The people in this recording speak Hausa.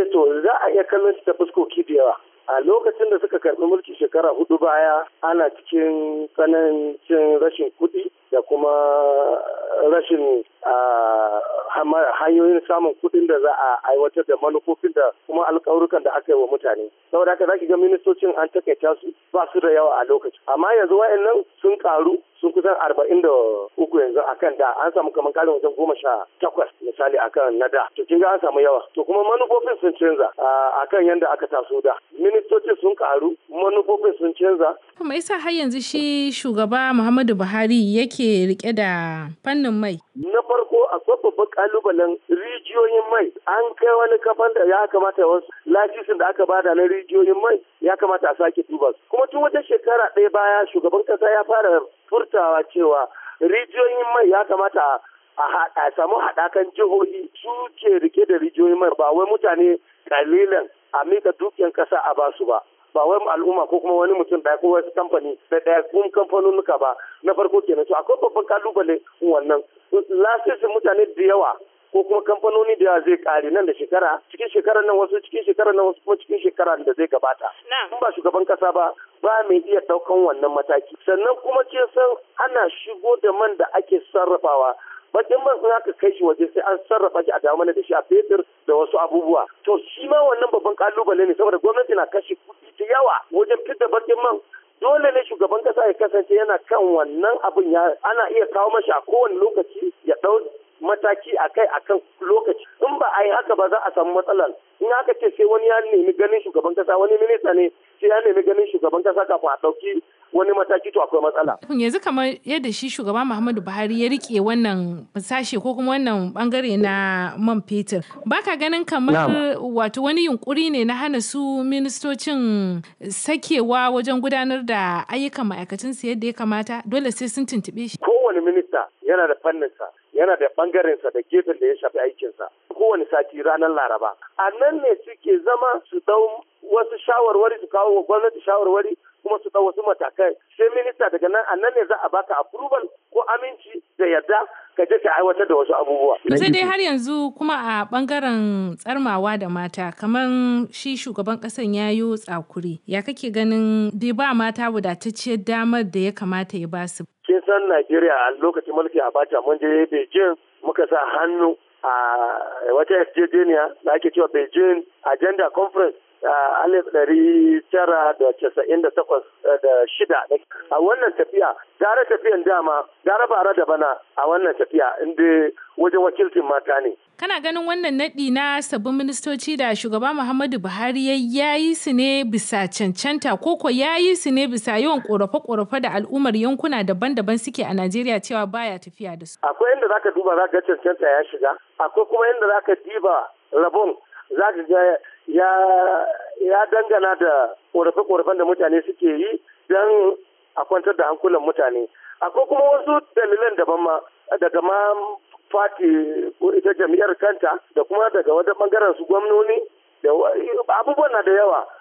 Eh, to za a iya kallon ta fuskoki da yawa a lokacin da suka karbi mulki shekara hudu baya ana cikin tsanancin rashin kuɗi da kuma rashin hanyoyin samun kuɗin da za a aiwatar da manufofin da kuma alƙawurukan da aka yi wa mutane saboda haka zaki ga ministocin an takaita su ba su da yawa a lokaci amma yanzu wa'annan sun karu sun kusan arba'in da uku yanzu a kan da an samu kamar karin wajen goma sha takwas misali a kan na da to kinga an samu yawa to kuma manufofin sun canza A kan yadda aka taso da ministoci sun karu manufofin sun canza kuma yasa har yanzu shi shugaba Muhammadu Buhari yake rike da fannin mai na farko akwai babban kalubalen rijiyoyin mai an kai wani kafan da ya kamata wasu lajisin da aka bada na rijiyoyin mai ya kamata a sake duba su kuma tun wata shekara ɗaya baya shugaban kasa ya fara furtawa cewa rijiyoyin mai ya kamata a samu haɗakan jihohi su ke rike da rijiyoyin mai ba wai mutane kalilan a mika dukiyan kasa a ba su ba ba wai al'umma ko kuma wani mutum ɗaya ko wasu kamfani da ɗaya kun kamfanonuka ba na farko kenan to akwai babban kalubale wannan lasisin mutane da yawa ko kuma kamfanoni da zai kare nan da shekara cikin shekarar nan wasu cikin shekarar nan wasu kuma cikin shekarar da zai gabata in ba shugaban kasa ba ba mai iya daukan wannan mataki sannan kuma ce san ana shigo da man da ake sarrafawa bakin ba sun haka kai shi waje sai an sarrafa shi a dawo mana da shi a fetur da wasu abubuwa to shi ma wannan babban kalubale ne saboda gwamnati na kashe kuɗi da yawa wajen fitar bakin man dole ne shugaban kasa ya kasance yana kan wannan abin ya ana iya kawo mashi a kowane lokaci ya ɗau mataki a kai a kan lokaci in ba a yi haka ba za a samu matsalar in haka ce sai wani ya nemi ganin shugaban kasa wani minista ne sai ya nemi ganin shugaban kasa kafin a ɗauki wani mataki to akwai matsala. yanzu kamar yadda shi shugaba muhammadu buhari ya rike wannan sashe ko kuma wannan bangare na man fetur baka ganin kamar wato wani yunkuri ne na hana su ministocin sakewa wajen gudanar da ayyukan ma'aikatansu yadda ya kamata dole sai sun tuntuɓe shi. kowane minista yana da fannin sa. yana da ɓangarensa da gefen da ya shafi aikinsa kowane sati ranar laraba a nan ne suke zama su dau wasu shawarwari su kawo wa gwamnati shawarwari kuma su dau wasu matakai sai minista daga nan a nan ne za a baka approval ko aminci da yadda ka je ka aiwatar da wasu abubuwa. sai dai har yanzu kuma a bangaren tsarmawa da mata kamar shi shugaban kasan ya yi tsakuri ya kake ganin bai ba mata wadatacciyar damar da ya kamata ya basu. kin san Najeriya a lokacin mulki Abacha mun je Beijing muka sa hannu a wata yarjejeniya da ake cewa Beijing Agenda Conference alif ɗari tara da casa'in da takwas eh, da shida a wannan tafiya gara tafiyan dama gara bara da bana a wannan tafiya inda wajen wakilcin mata ne. Kana ganin wannan naɗi na sabbin ministoci da shugaba Muhammadu Buhari ya yi su ne bisa cancanta koko, ko ya yi su ne bisa yawan ƙorafe-ƙorafe da al'ummar yankuna daban-daban suke a Najeriya cewa baya tafiya da su. Akwai inda za ka duba zaka ga cancanta ya shiga, akwai kuma inda za zaka diba rabon za ga ya dangana da ƙorafe-ƙorafen da mutane suke yi don a kwantar da hankulan mutane akwai kuma wasu dalilan daban ma daga ma fati ita jami'ar kanta da kuma daga wajen bangaren su gwamnoni da abubuwan na da yawa